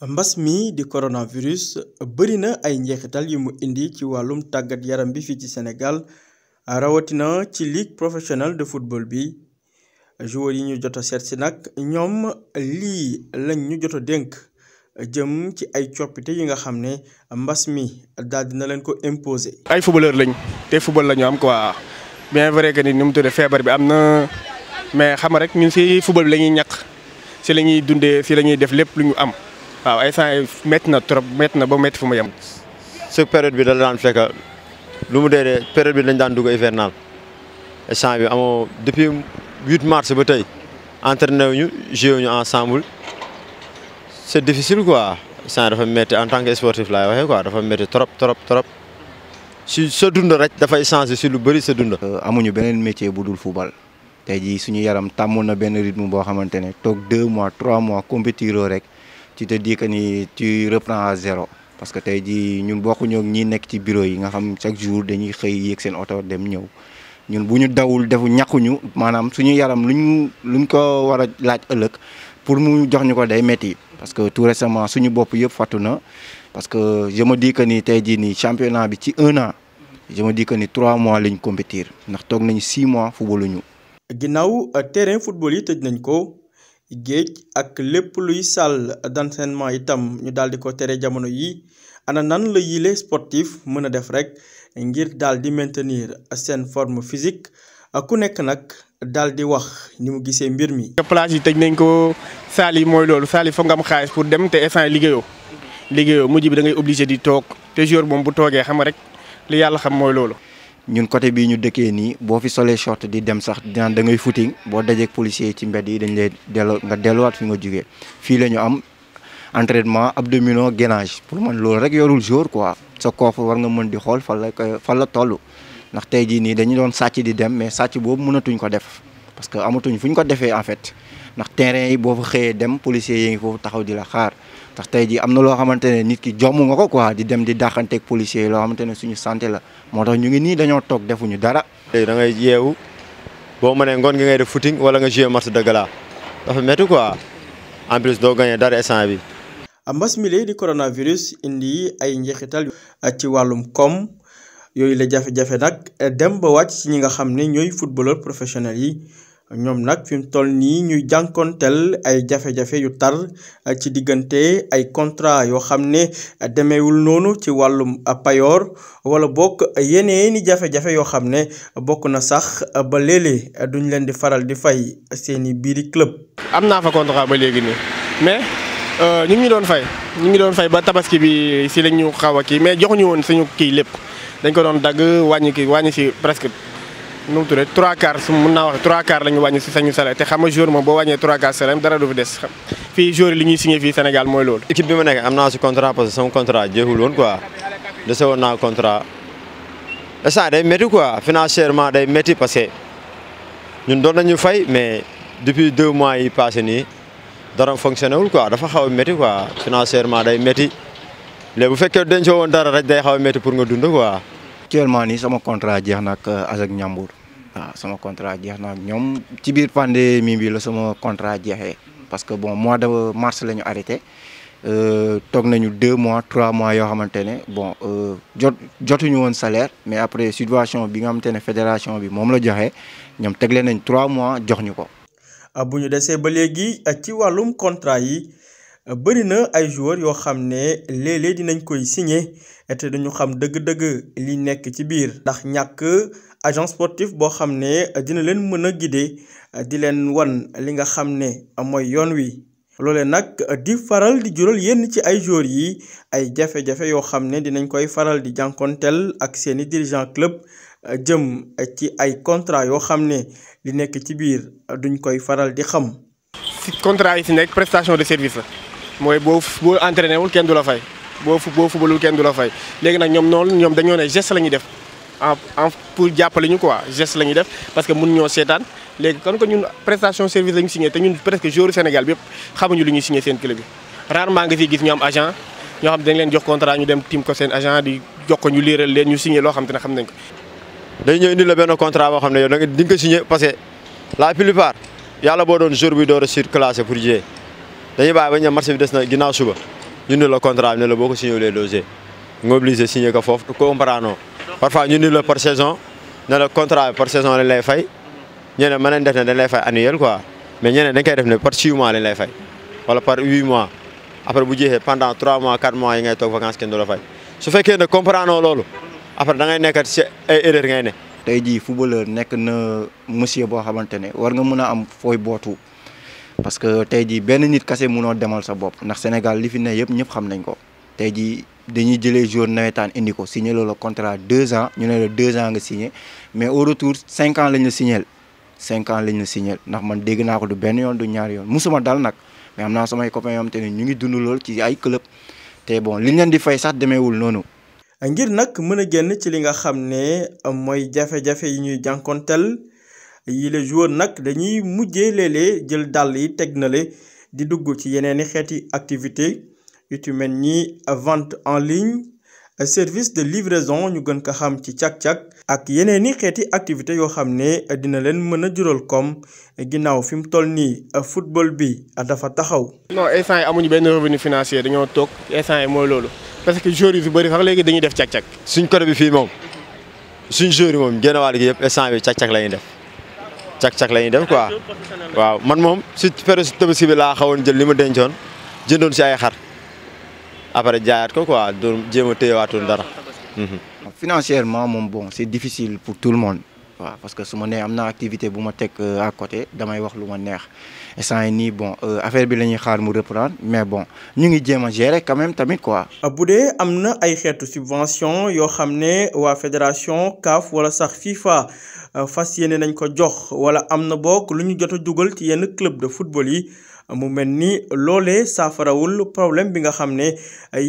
mbas mi di coronavirus bëri na ay njeexital yi mu indi ci wàllum tàggat yaram bi fii ci Sénégal rawatina ci ligue professionnelle de football bi joueurs yi ñu jot a seet si nag ñoom lii lañ ñu jot a dénk jëm ci ay coppite yi nga xam ne mbas mi daal na leen ko imposer. ay footballeur lañ te football lañu ñu am quoi bien vrai que ni nu mu tuddee feebar bi am na mais xam rek ñun si football bi la ñuy ñàkk si la ñuy dundee si lañuy def lépp lu ñu am. waaw ay sant yi métti na trop métti na ba métti fu mu yem. su période bi da la daan fekk lu mu dee dee période bi dañ daan dugg hivernal sant bi amoo depuis 8 mars ba tey entraîné wu ñu joué wu ñu ensemble c'est difficile quoi. sant dafa métti en tant que sportif laay waxee quoi dafa métti trop trop trop si sa dund rek dafay changer si lu bëri sa dund. Euh, amuñu beneen métier bu dul football tey jii suñu yaram tàmmoon na benn rythme boo xamante ne toog 2 mois 3 mois compétiroo rek. tu te dis que ni tu reprends à zéro parce que tey jii ñun bokkuñoo ak ñi nekk ci bureau yi nga xam chaque jour dañuy xëy yéeg seen oto dem ñëw ñun bu ñu dawul defu ñàkkuñu maanaam suñu yaram luñ luñ ko war a laaj ëllëg pour mu jox ñu ko day métti parce que tout récemment suñu bopp yëpp fàttu na parce que je me dis que ni tey jii nii championnat bi ci un an je me dis que ni trois mois lañ compétir ndax toog nañu six mois footballuñu. ginnaaw terrain football yi tëj nañ ko. géej ak lépp luy salle d'entraînement itam ñu daal di ko tere jamono yi ana nan la yile sportif mën a def rek ngir daal di maintenir seen forme physique ku nekk nag daal di wax ni mu gisee mbir mi. plage yi tëj nañ ko salle yi mooy loolu salle yi foog nga am xaalis pour dem te instant liggéeyoo liggéeyoo mujj bi da ngay obligé di toog te jour moom bu toogee xam rek li yàlla xam mooy loolu. ñun côté bii ñu dëkkee nii boo fi solee short di dem sax dinaan da ngay footing boo dajeek policier yi ci mbedd yi dañ lay delloo nga delluwaat fi nga jógee fii la ñu am ab abdominaux gainage pour man loolu rek yorul jour quoi sa koofu war nga mën di xool fan la koy fan la toll ndax tey jii nii dañu doon sàcc di dem mais sàcc boobu mënatuñ ko def parce que amatuñ fu ñu ko defee en fait ndax terrain yi boo fa xëyee dem policier yi ngi foofu taxaw di la xaar ndax tey jii am na loo xamante ne nit ki jomm ko quoi di dem di dàqanteeg policiers yi loo xamante ne suñu santé la moo tax ñu ngi nii dañoo toog defuñu dara. da ngay yeewu boo mënee ngoon gi ngay def footing wala nga jouer match de gala dafa métti quoi en plus doo gagné dara instant bi. mbas mi di coronavirus indi ay njeexital ci wàllum koom. yooyu la jafe-jafe nag dem ba wàcc ci ñi nga xam ne ñooy footballeur professionnel yi ñoom nag fi mu toll nii ñuy jànkonteel ay jafe-jafe yu tar eh, ci diggante ay contrat yoo xam ne demeewul noonu ci wàllum payoor wala bokk yeneeni jafe-jafe yoo xam ne bokk na sax ba léeg duñ leen di faral di fay seeni biiri club. am naa fa ba léegi nii mais euh, ñu ñi doon fay ñu ngi doon fay ba tabaski bi si la ñu xaw a kii mais joxuñu woon ñu kii lépp dañ ko doon dagg wàññi kii wàññi si presque. nu mu tuddee trois quarts mun naa wax trois quarts la ñu wàññi si sañu salaire te xam nga jour moom boo wàññee trois quarts salaire dara du fi des fii jour li ñuy signé fii Sénégal mooy loolu. équipe bi ma nekk am naa si contrat parce que sama contrat jeexul woon quoi dese woon naa contrat instant day métti quoi financièrement day métti parce que ñun doon nañu fay mais depuis deux mois yi passé nii dara fonctionné wul quoi dafa xaw a métti quoi financièrement day métti léegi bu fekkee dencoo woon dara rek day xaw a métti pour nga dund quoi. actuellement nii sama contrat jeex na ak euh, Azak Ñambour waaw sama contrat jeex na ñoom ci biir pandémie bi la sama contrat jeexee parce que bon mois de mars la ñu arrêté euh, toog nañu deux mois trois mois yoo xamante ne bon euh, jot jotuñu woon salaire mais après situation bi nga xamante ne fédération bi moom la joxe ñoom tegle nañ trois mois jox ñu ko. Ah, bu desee ba léegi ci wàllum contrat yi. bëri na ay joueurs yoo xam ne léeg-léeg dinañ koy signé te dañu xam dëgg-dëgg li nekk ci biir ndax ñàkk agent sportif boo xam ne dina leen mën a guider di leen wan li nga xam ne mooy yoon wi. loole nag di faral di jural yenn ci ay joueurs yi ay jafe-jafe yoo xam ne dinañ koy faral di jànkonteel ak seeni dirigeant club jëm ci ay contrat yoo xam ne li nekk ci biir duñ koy faral di xam. ci contrat yi ci nekk prestation de service la. mooy boo boo entraîné wul kenn du la fay boo boo fubalul kenn du la fay léegi nag ñoom noonu ñoom dañoo ne geste la ñuy def en pour jàppale ñu quoi geste la ñuy def parce que mun ñoo seetaan léegi kon ko ñun prestation service la ñu signé te ñun presque joueur Sénégal bi yëpp xamuñu lu ñu signé seen club bi maa ngi fi gis ñu am agent ñoo xam dañ leen jox contrat ñu dem tim ko seen agent di jox ko ñu liiral leen ñu signé loo xam te ne xam nañ ko. dañ ñëw indi la benn contrat boo xam ne yow da nga di nga ko signé parce que la plupart yàlla boo doon jour bi door dañuy bàyyi ba ñu marché bi des na ginnaaw suba ñu ni la contrat bi ne la boo ko signé les dossiers foofu comprendre parfois ñu ni la par saison ne la par saison lañ lay fay ñeneen mën nañ def ne dañ lay fay annuel quoi mais ñeneen dañ koy def ne par 6 mois lañ lay fay wala par 8 mois après bu jeexee pendant mois 4 mois yi ngay toog vacances fay su fekkee ne comprendre loolu après da ngay nekkat si ay erreur ngay ne. tey jii nekk na monsieur boo xamante ne war nga mën a am fooy bootu. parce que tey jii benn nit kase munoo demal sa bopp ndax Sénégal li fi ne yëpp ñëpp xam nañ ko tey jii dañuy jëlee jour nawetaan indi ko signé la contrat deux ans ñu ne la deux ans nga signé mais au retour cinq ans lañ la signé cinq ans lañ la ndax man dégg naa ko du benn yoon du ñaar yoon musuma dal nag mais am naa samay copains yoo te ne ñu ngi dund lool ci ay club te bon liñ leen di fay sax demeewul noonu. ngir nag mën a génn ci li nga xam ne mooy jafe yi ñuy jànkonteel. yile joueur nak dañuy mujjé lélé léeg jël dàll yi teg na le di dugg ci yeneeni xéti activité yu tu mel ni vente en ligne service de livraison ñu gën ko xam ci càq-càq ak yeneeni xéti activité yo xamné dina leen mëna a jural koom ginnaaw fi mu toll nii football bi dafa taxaw non instant yi amuñu benn revenu financier dañoo tok instant yi mooy loolu parce que joueurs yi bari sax légui dañuy def càq-càq suñ côté bi fi mom suñ joueurs yi moom génn gi yépp instant bi càq-càq la ñuy def cak-cak la ñuy def quoi waaw man moom si période si tabaski bi laa xawoon jël li ma dencoon jëndoon si ay xar après jaayaat ko quoi doon jéem a téyewaatul dara financièrement moom bon c'est difficile pour tout le monde waaw parce que su mon nee am activité bu ma euh, à côté damay wax luma neex instant ça ni bon euh, affaire bi lañuy xaar mu reprendre mais bon ñu ngi jéma gérer quand même tamit quoi. Euh, bu amna ay xeetu subvention yo xamné wa fédération CAF wala sax FIFA fas yéene nañ ko jox wala amna bok luñu lu ñu a ci yenn club de football yi. mu mel ni loolee saafarawul problème bi nga xam ne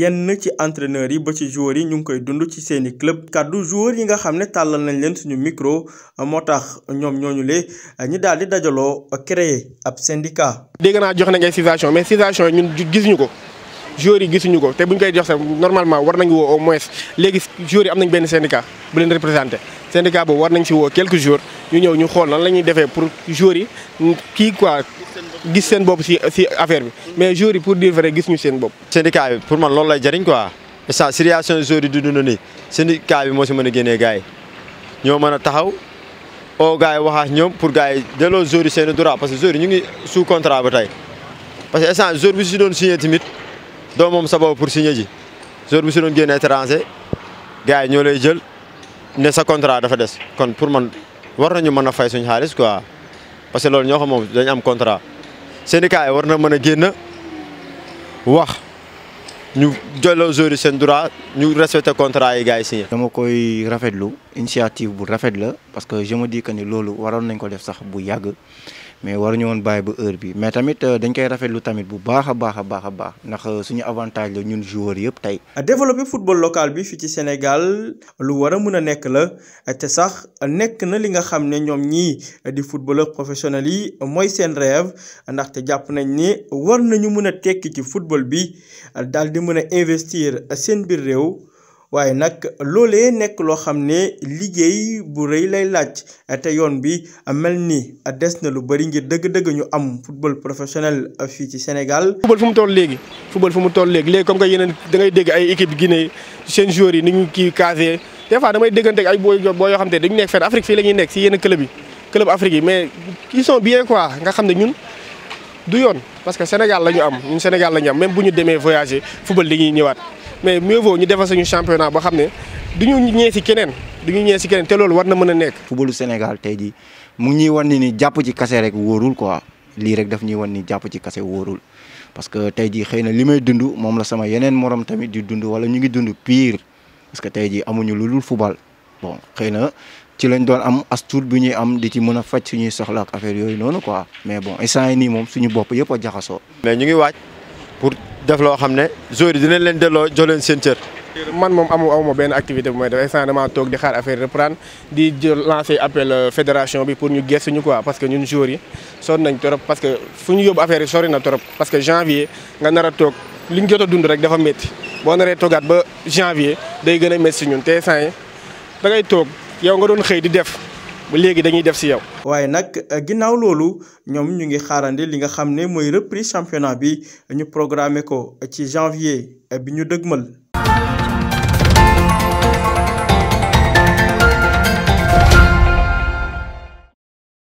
yenn ci entraîneurs yi ba ci joueurs yi ñu ngi koy dund ci seeni club kàddu joueurs yi nga xam ne tàllal nañ leen suñu micro moo tax ñoom ñooñu le ñu daal di dajaloo créer ab syndicat. dégg naa jox na ngay situation mais situation ñun gis ñu ko. joueurs yi gisuñu ko te bu ñu koy jox sax normalement war nañu woo au moins léegi joueurs yi am nañ benn syndicat bu leen représenté syndicat boobu war nañ si woo quelques jours ñu ñëw ñu xool nan la ñuy defee pour joueurs yi kii quoi gis seen bopp si si affaire bi mais joueurs pour dire vrai gis ñu seen bopp. syndicat bi pour man loolu lay jëriñ quoi sa situation joueurs yi du dund nii syndicat bi moo si mën a génnee gars yi ñoo mën a taxaw oo gars yi waxaat ñoom pour gars yi delloo joueurs yi seen droit parce que joueurs ñu ngi sous ba tey parce que instant joueur bi tamit. doo moom sa bopp pour signer ji jour bi si doon génn étranger gars yi ñoo lay jël ne sa contrat dafa des kon pour man war nañu mën a fay suñu xaalis quoi parce que loolu ñoo xam moom dañ am contrat syndicat yi war na mën a génn wax ñu jëloo jour yi seen droit ñu respecté contrat yi gars yi signé. dama koy rafetlu initiative bu rafet la parce que je me dis ni loolu waroon nañ ko def sax bu yàgg. mais waruñu woon bàyyi ba heure bi mais tamit euh, dañ koy rafetlu tamit bu baax a baax a baax a baax ndax euh, suñu avantage la ñun joueurs yëpp tey. développer football local bi fii ci senegal lu war a mën a nekk la te sax nekk na li nga xam ne ñoom ñii di footballeur professionnel yi mooy seen rêve ndaxte jàpp nañ ni war nañu mën a tekki ci football bi daal di mën a investir seen biir réew. waaye nag loolee nekk loo xam ne liggéey bu rëy lay laaj te yoon bi mel ni des na lu bari ngir dëgg-dëgg ñu am football professionnel fii ci Sénégal. football fu mu toll léegi football fu mu toll léegi léegi comme que yeneen da ngay dégg ay équipe Guinée seen joueurs yi ni ñu kii casé des fois damay déggante ay booy boo yoo xam te dañu nekk fenn Afrique fii la ñuy nekk si yenn club yi club Afrique yi mais ils sont bien quoi nga xam ne ñun. du yoon parce que Sénégal la ñu am ñun Sénégal la ñu am même bu ñu demee voyager football dañuy ñëwaat mais mieux vaut ñu defal suñu championnat ba xam ne du ñu ñee si keneen du ñu ñee si keneen te loolu war na mën a nekk. footballu Sénégal tey jii mu ngi ñuy wan ni jàpp ci kase rek wóorul quoi lii rek daf ñuy wan ni jàpp ci kase wóorul parce que tey jii xëy na li may dund moom la sama yeneen morom tamit di dund wala ñu ngi dund piir parce que tey jii amuñu lu dul football bon xëy na ci lañ doon am as bu ñuy am di ci mën a faj su ñuy ak affaire yooyu noonu quoi mais bon instant yi nii moom suñu bopp yëpp a jaxasoo. mais ñu ngi waaj def loo xam ne joueurs yi leen delloo jox leen seen cër. man moom amu aw ma benn activité bu may def instant damaa toog di xaar affaire reprendre di lancer appel euh, fédération bi pour ñu gëstu ñu quoi parce que ñun joueurs yi sonn nañ trop parce que fu ñu yóbbu affaire yi sori na trop parce que janvier nga nar a toog li ñu jot a dund rek dafa métti boo naree toogaat ba janvier day gën a métti si ñun te instant yi da toog yow nga doon xëy di def. ba léegi dañuy def si yow. waaye nag eh, ginnaaw loolu ñoom ñu ngi xaarandi li nga xam ne mooy reprise championnat bi ñu programmé ko ci janvier eh, bi ñu dëgmal.